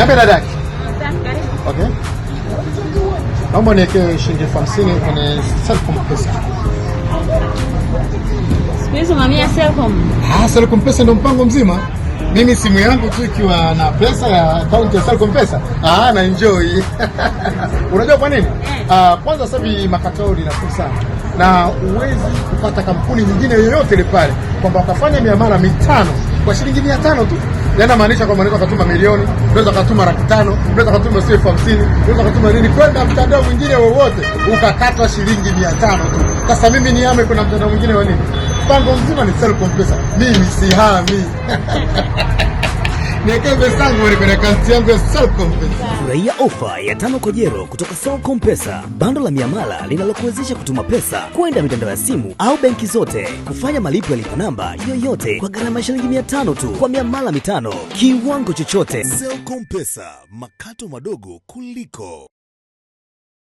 Niambie dada yake. Okay. Naomba niweke shilingi elfu hamsini kwenye Selcom Pesa. Siku mamia Selcom. Ah, Selcom Pesa ndio mpango mzima. Mimi simu yangu tu ikiwa na pesa ya akaunti ya Selcom Pesa. Ah, na enjoy. Unajua kwa nini? Eh. Ah, kwanza sasa hivi makatao ni nafuu sana. Na uwezi kupata kampuni nyingine yoyote ile pale kwamba wakafanya miamala mitano kwa shilingi mia tano tu. Yaani maanisha kwamba unaweza kutuma milioni, unaweza kutuma laki tano, unaweza kutuma elfu hamsini, unaweza kutuma nini kwenda mtandao mwingine wowote ukakatwa shilingi mia tano tu. Sasa mimi nihame kuna mtandao mwingine wa nini? Mpango mzima ni Selcom Pesa. Mimi sihami. Furahia ofa ya tano kojero kutoka Selcom Pesa, bando la miamala linalokuwezesha kutuma pesa kwenda mitandao ya simu au benki zote, kufanya malipo ya lipa namba yoyote kwa gharama ya shilingi mia tano tu kwa miamala mitano, kiwango chochote. Selcom Pesa, makato madogo kuliko